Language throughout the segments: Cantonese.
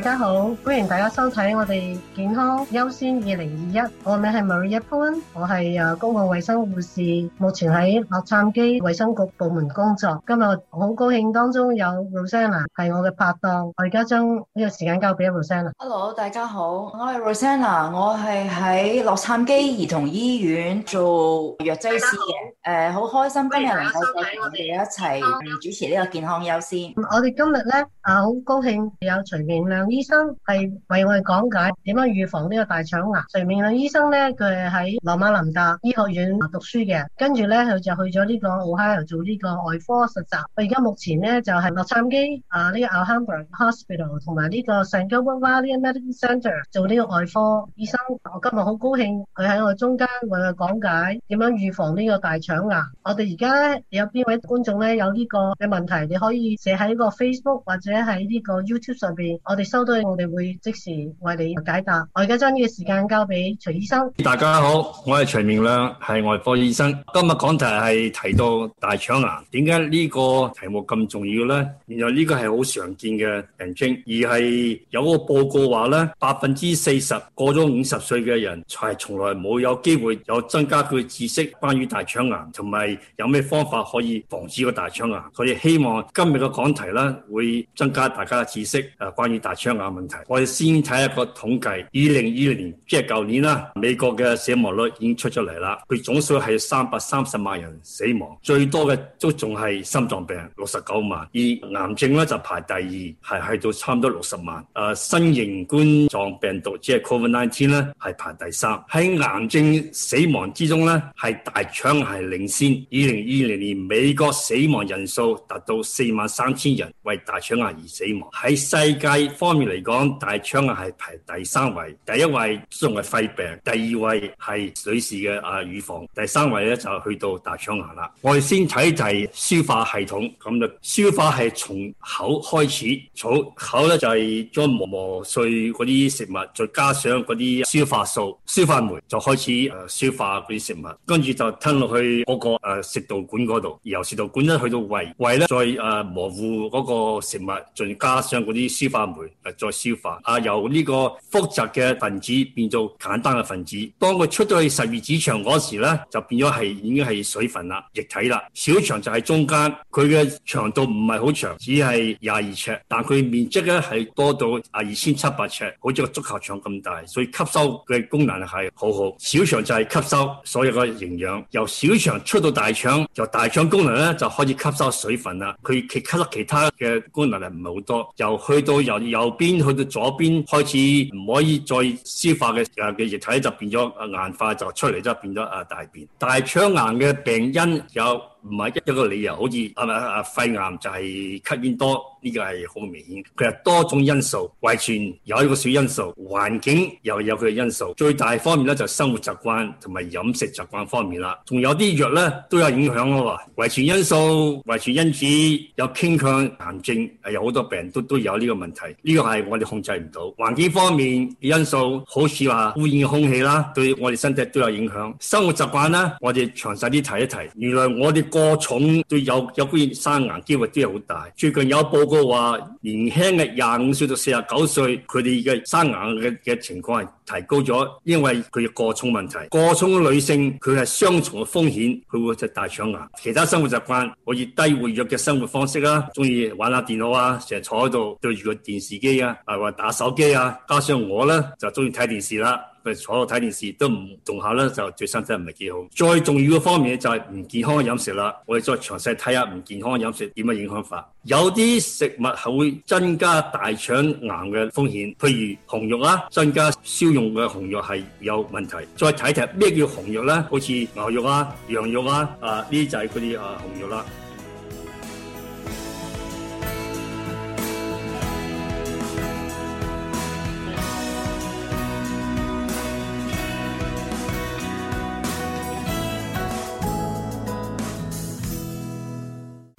大家好，歡迎大家收睇我哋健康優先二零二一。我名係 Maria Poon，我係誒公共衛生護士，目前喺洛杉磯衛生局部門工作。今日好高興當中有 Rosanna 係我嘅拍檔，我而家將呢個時間交俾 Rosanna。Hello，大家好，我係 Rosanna，我係喺洛杉磯兒童醫院做藥劑師嘅。誒 Hello.、呃，好開心 Hello. 今日能夠同我哋一齊主持呢個健康優先。我哋今日咧啊，好高興有隨便兩。醫生係為我哋講解點樣預防呢個大腸癌。上面嘅醫生咧，佢係喺羅馬林達醫學院讀書嘅，跟住咧佢就去咗呢個奧哈爾做呢個外科實習。佢而家目前咧就係洛杉磯啊呢個 Alhambra Hospital 同埋呢個 San Gabriel Valley Medical Center 做呢個外科醫生。我今日好高興佢喺我中間為我講解點樣預防呢個大腸癌。我哋而家咧有邊位觀眾咧有呢個嘅問題，你可以寫喺個 Facebook 或者喺呢個 YouTube 上邊，我哋我哋會即時為你解答。我而家將呢個時間交俾徐醫生。大家好，我係徐明亮，係外科醫生。今日講題係提到大腸癌，點解呢個題目咁重要咧？原來呢個係好常見嘅病症，而係有個報告話咧，百分之四十過咗五十歲嘅人才從來冇有機會有增加佢知識關於大腸癌，同埋有咩方法可以防止個大腸癌。我哋希望今日嘅講題咧會增加大家嘅知識誒，關於大腸。腸癌問題，我哋先睇一個統計。二零二零年，即係舊年啦，美國嘅死亡率已經出咗嚟啦。佢總數係三百三十萬人死亡，最多嘅都仲係心臟病，六十九萬。而癌症咧就排第二，係去到差唔多六十萬。誒、呃，新型冠狀病毒即係 COVID-19 咧，係排第三。喺癌症死亡之中咧，係大腸係領先。二零二零年美國死亡人數達到四萬三千人，為大腸癌而死亡。喺世界方面嚟講，大腸癌係排第三位，第一位仲係肺病，第二位係女士嘅啊乳房，第三位咧就去到大腸癌啦。我哋先睇就消化系統，咁就消化係從口開始，草口口咧就係、是、將磨磨碎嗰啲食物，再加上嗰啲消化素、消化酶，就開始誒、呃、消化嗰啲食物，跟住就吞落去嗰個誒食道管嗰度，由食道管一去到胃，胃咧再誒、呃、磨糊嗰個食物，再加上嗰啲消化酶。再消化啊，由呢個複雜嘅分子變做簡單嘅分子。當佢出到去十二指腸嗰時咧，就變咗係已經係水分啦、液體啦。小腸就係中間，佢嘅長度唔係好長，只係廿二尺，但佢面積咧係多到啊二千七百尺，好似個足球場咁大，所以吸收嘅功能係好好。小腸就係吸收所有嘅營養，由小腸出到大腸，由大腸功能咧就開始吸收水分啦。佢吸吸收其他嘅功能力唔係好多，由去到又有。有邊去到左邊開始唔可以再消化嘅時候，嘅液體就變咗硬化就出嚟，就變變咗啊大便。但係大腸癌嘅病因有。唔係一一個理由，好似阿阿肺癌就係吸煙多呢個係好明顯。佢係多種因素遺傳，有一個小因素，環境又有佢嘅因素。最大方面咧就係生活習慣同埋飲食習慣方面啦。仲有啲藥咧都有影響咯。遺傳因素、遺傳因子有傾向癌症，係有好多病都都有呢個問題。呢個係我哋控制唔到。環境方面因素，好似話污染嘅空氣啦，對我哋身體都有影響。生活習慣咧，我哋詳細啲提一提。原來我哋。過重對有有關生癌機會都係好大。最近有報告話，年輕嘅廿五歲到四十九歲，佢哋嘅生癌嘅嘅情況係提高咗，因為佢嘅過重問題。過重嘅女性，佢係雙重嘅風險，佢會就大腸癌。其他生活習慣，可以低活躍嘅生活方式啊，中意玩下電腦啊，成日坐喺度對住個電視機啊，啊或打手機啊，加上我咧就中意睇電視啦。坐度睇電視都唔動下咧，就對身體唔係幾好。再重要嘅方面就係唔健康嘅飲食啦。我哋再詳細睇下唔健康嘅飲食點樣影響法。有啲食物係會增加大腸癌嘅風險，譬如紅肉啊，增加燒用嘅紅肉係有問題。再睇睇咩叫紅肉啦，好似牛肉啊、羊肉啊，啊呢就係嗰啲啊紅肉啦、啊。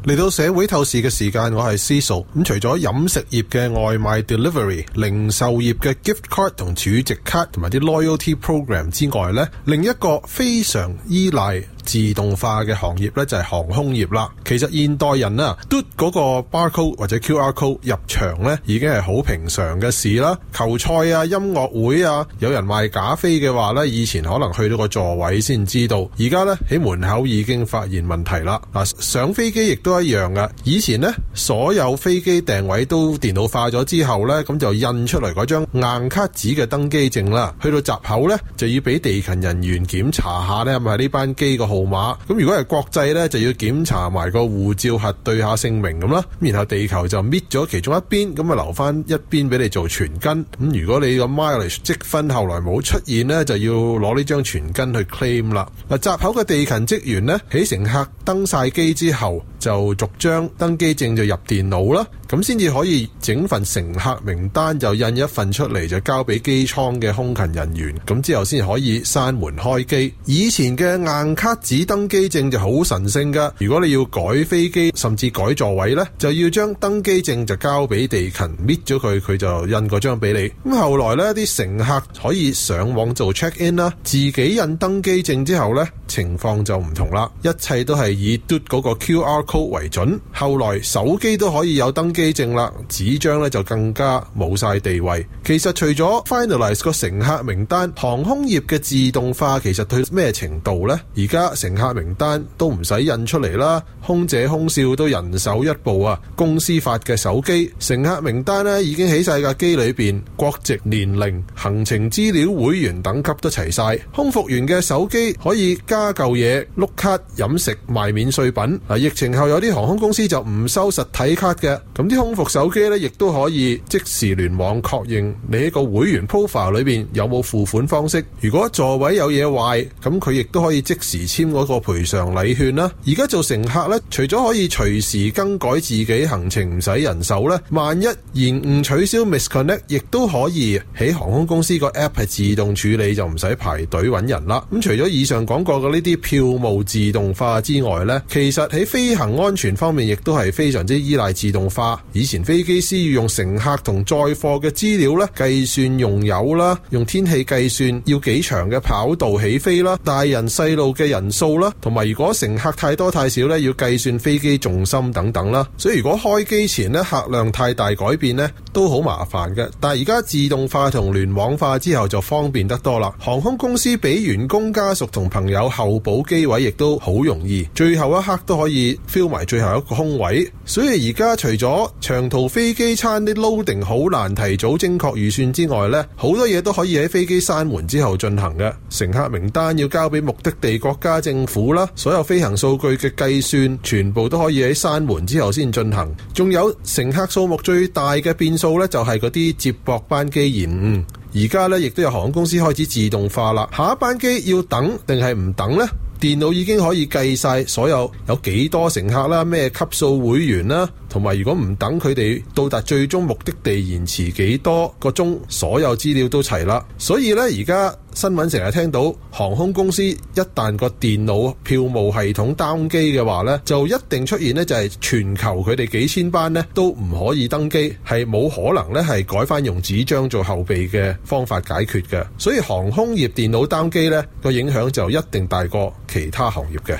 嚟到社會透視嘅時間，我係 c 素。咁、嗯、除咗飲食業嘅外賣 delivery、零售業嘅 gift card 同儲值 card 同埋啲 loyalty program 之外咧，另一個非常依賴。自動化嘅行業呢，就係航空業啦。其實現代人啊，嘟嗰個 barcode 或者 QR code 入場呢，已經係好平常嘅事啦。球賽啊、音樂會啊，有人賣假飛嘅話呢，以前可能去到個座位先知道，而家呢，喺門口已經發現問題啦。嗱，上飛機亦都一樣㗎。以前呢，所有飛機訂位都電腦化咗之後呢，咁就印出嚟嗰張硬卡紙嘅登機證啦。去到閘口呢，就要俾地勤人員檢查下呢，係咪呢班機個號。號碼咁如果係國際呢，就要檢查埋個護照核對下姓名咁啦，然後地球就搣咗其中一邊，咁啊留翻一邊俾你做全根。咁如果你個 mileage 積分後來冇出現呢，就要攞呢張全根去 claim 啦。嗱，閘口嘅地勤職員呢，喺乘客登晒機之後，就逐張登機證就入電腦啦。咁先至可以整份乘客名單，就印一份出嚟，就交俾機艙嘅空勤人員。咁之後先可以閂門開機。以前嘅硬卡紙登機證就好神聖噶。如果你要改飛機，甚至改座位呢，就要將登機證就交俾地勤，搣咗佢，佢就印嗰張俾你。咁後來呢啲乘客可以上網做 check in 啦，自己印登機證之後呢，情況就唔同啦。一切都係以嘟嗰個 QR code 為準。後來手機都可以有登機機證啦，紙張咧就更加冇晒地位。其實除咗 finalize 個乘客名單，航空業嘅自動化其實到咩程度呢？而家乘客名單都唔使印出嚟啦，空姐空少都人手一部啊，公司發嘅手機。乘客名單呢已經喺晒架機裏邊，國籍、年齡、行程資料、會員等級都齊晒。空服員嘅手機可以加舊嘢碌卡、飲食賣免稅品。啊，疫情後有啲航空公司就唔收實體卡嘅，咁。啲空服手機咧，亦都可以即時聯網確認你一個會員 profile 裏邊有冇付款方式。如果座位有嘢壞，咁佢亦都可以即時簽嗰個賠償禮券啦。而家做乘客咧，除咗可以隨時更改自己行程唔使人手咧，萬一延誤取消 misconnect，亦都可以喺航空公司個 app 係自動處理，就唔使排隊揾人啦。咁除咗以上講過嘅呢啲票務自動化之外咧，其實喺飛行安全方面亦都係非常之依賴自動化。以前飛機師要用乘客同載貨嘅資料咧計算用油啦，用天氣計算要幾長嘅跑道起飛啦，大人細路嘅人數啦，同埋如果乘客太多太少咧，要計算飛機重心等等啦。所以如果開機前呢，客量太大改變呢，都好麻煩嘅。但係而家自動化同聯網化之後就方便得多啦。航空公司俾員工家屬同朋友候補機位亦都好容易，最後一刻都可以 fill 埋最後一個空位。所以而家除咗長途飛機餐啲 loading 好難提早精確預算之外咧，好多嘢都可以喺飛機閂門之後進行嘅。乘客名單要交俾目的地國家政府啦，所有飛行數據嘅計算全部都可以喺閂門之後先進行。仲有乘客數目最大嘅變數呢，就係嗰啲接駁班機延誤。而家呢，亦都有航空公司開始自動化啦。下一班機要等定係唔等呢？電腦已經可以計晒所有有幾多乘客啦，咩級數會員啦，同埋如果唔等佢哋到達最終目的地，延遲幾多個鐘，所有資料都齊啦。所以呢，而家。新聞成日聽到航空公司一旦個電腦票務系統 down 機嘅話呢，就一定出現呢，就係全球佢哋幾千班呢，都唔可以登機，係冇可能呢係改翻用紙張做後備嘅方法解決嘅，所以航空業電腦 down 機咧個影響就一定大過其他行業嘅。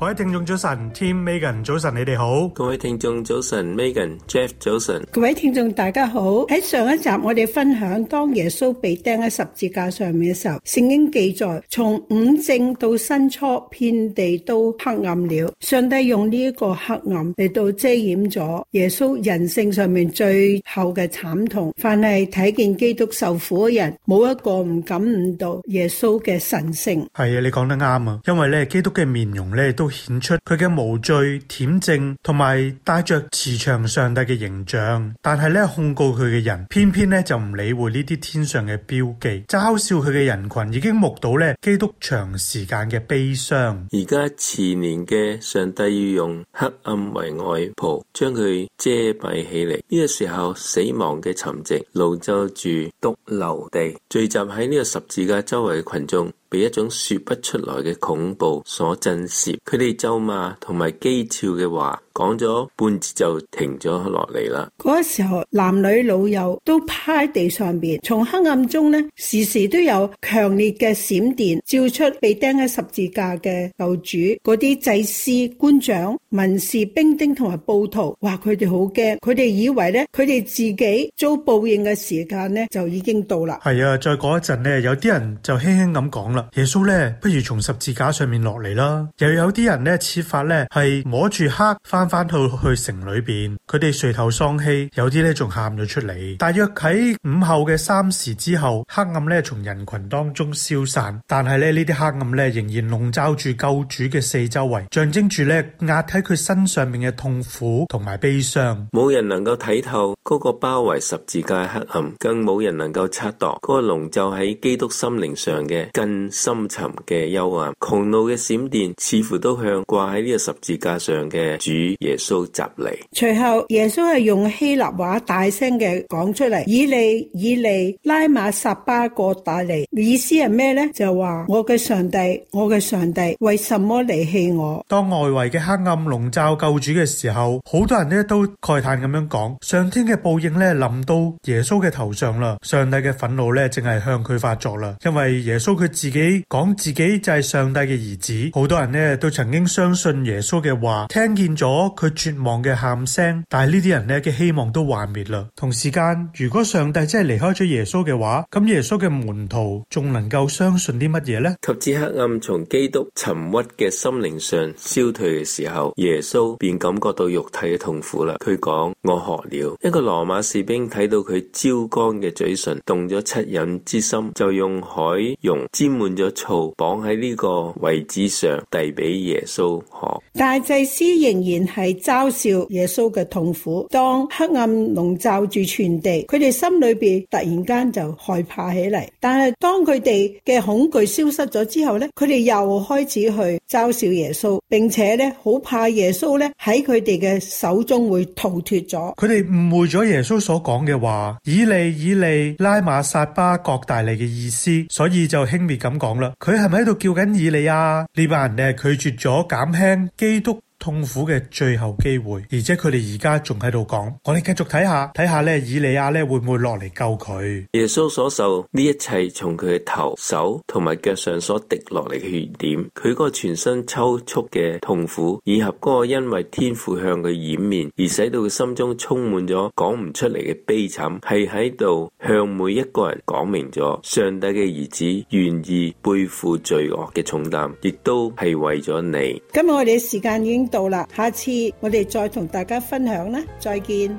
各位聽眾早晨，Tim、Megan 早晨，你哋好。各位聽眾早晨，Megan、Jeff 早晨。各位聽眾大家好。喺上一集我哋分享，當耶穌被釘喺十字架上面嘅時候，聖經記載從午正到申初，遍地都黑暗了。上帝用呢一個黑暗嚟到遮掩咗耶穌人性上面最後嘅慘痛。凡係睇見基督受苦嘅人，冇一個唔感悟到耶穌嘅神性。係啊，你講得啱啊，因為咧基督嘅面容咧都。顯出佢嘅無罪、恬靜，同埋帶着慈祥上帝嘅形象。但係咧控告佢嘅人，偏偏咧就唔理會呢啲天上嘅標記，嘲笑佢嘅人群已經目睹咧基督長時間嘅悲傷。而家前年嘅上帝要用黑暗為外袍，將佢遮蔽起嚟。呢、這個時候死亡嘅沉寂籠罩住髑髏地，聚集喺呢個十字架周圍嘅群眾被一種說不出來嘅恐怖所震懾，佢哋咒罵同埋譏誚嘅話。講咗半節就停咗落嚟啦。嗰時候男女老幼都趴喺地上邊，從黑暗中呢，時時都有強烈嘅閃電照出被釘喺十字架嘅救主。嗰啲祭司、官長、文士兵丁同埋暴徒，哇！佢哋好驚，佢哋以為呢，佢哋自己遭報應嘅時間呢就已經到啦。係啊，再過一陣呢，有啲人就輕輕咁講啦，耶穌呢，不如從十字架上面落嚟啦。又有啲人呢，設法呢，係摸住黑翻。翻到去城裏邊，佢哋垂頭喪氣，有啲咧仲喊咗出嚟。大約喺午後嘅三時之後，黑暗咧從人群當中消散，但係咧呢啲黑暗咧仍然籠罩住救主嘅四周圍，象徵住咧壓喺佢身上面嘅痛苦同埋悲傷。冇人能夠睇透嗰個包圍十字架嘅黑暗，更冇人能夠測度嗰個籠罩喺基督心靈上嘅更深沉嘅幽暗。狂怒嘅閃電似乎都向掛喺呢個十字架上嘅主。耶穌執嚟，隨後耶穌係用希臘話大聲嘅講出嚟：以利以利拉馬撒巴各大尼。意思係咩呢？就話我嘅上帝，我嘅上帝，上帝為什麼離棄我？當外圍嘅黑暗籠罩救主嘅時候，好多人呢都慨嘆咁樣講：上天嘅報應呢，臨到耶穌嘅頭上啦，上帝嘅憤怒呢，正係向佢發作啦。因為耶穌佢自己講自己就係上帝嘅兒子，好多人呢，都曾經相信耶穌嘅話，聽見咗。佢絕望嘅喊聲，但係呢啲人呢嘅希望都幻滅啦。同時間，如果上帝真係離開咗耶穌嘅話，咁耶穌嘅門徒仲能夠相信啲乜嘢呢？及至黑暗從基督沉鬱嘅心靈上消退嘅時候，耶穌便感覺到肉體嘅痛苦啦。佢講：我渴了。一個羅馬士兵睇到佢焦乾嘅嘴唇，動咗惻隱之心，就用海蓉沾滿咗醋，綁喺呢個位置上遞俾耶穌喝。大祭司仍然。係嘲笑耶穌嘅痛苦。當黑暗籠罩住全地，佢哋心裏邊突然間就害怕起嚟。但係當佢哋嘅恐懼消失咗之後呢，佢哋又開始去嘲笑耶穌，並且呢好怕耶穌咧喺佢哋嘅手中會逃脫咗。佢哋誤會咗耶穌所講嘅話，以利以利拉馬撒巴各大利嘅意思，所以就輕蔑咁講啦。佢係咪喺度叫緊以利啊？呢班人咧拒絕咗減輕基督痛苦嘅最後機會，而且佢哋而家仲喺度講，我哋繼續睇下，睇下咧以利亞咧會唔會落嚟救佢？耶穌所受呢一切從佢嘅頭、手同埋腳上所滴落嚟嘅血點，佢嗰個全身抽搐嘅痛苦，以及嗰個因為天父向佢掩面而使到佢心中充滿咗講唔出嚟嘅悲慘，係喺度向每一個人講明咗，上帝嘅兒子願意背負罪惡嘅重擔，亦都係為咗你。今日我哋嘅時間已經。到啦，下次我哋再同大家分享啦，再見。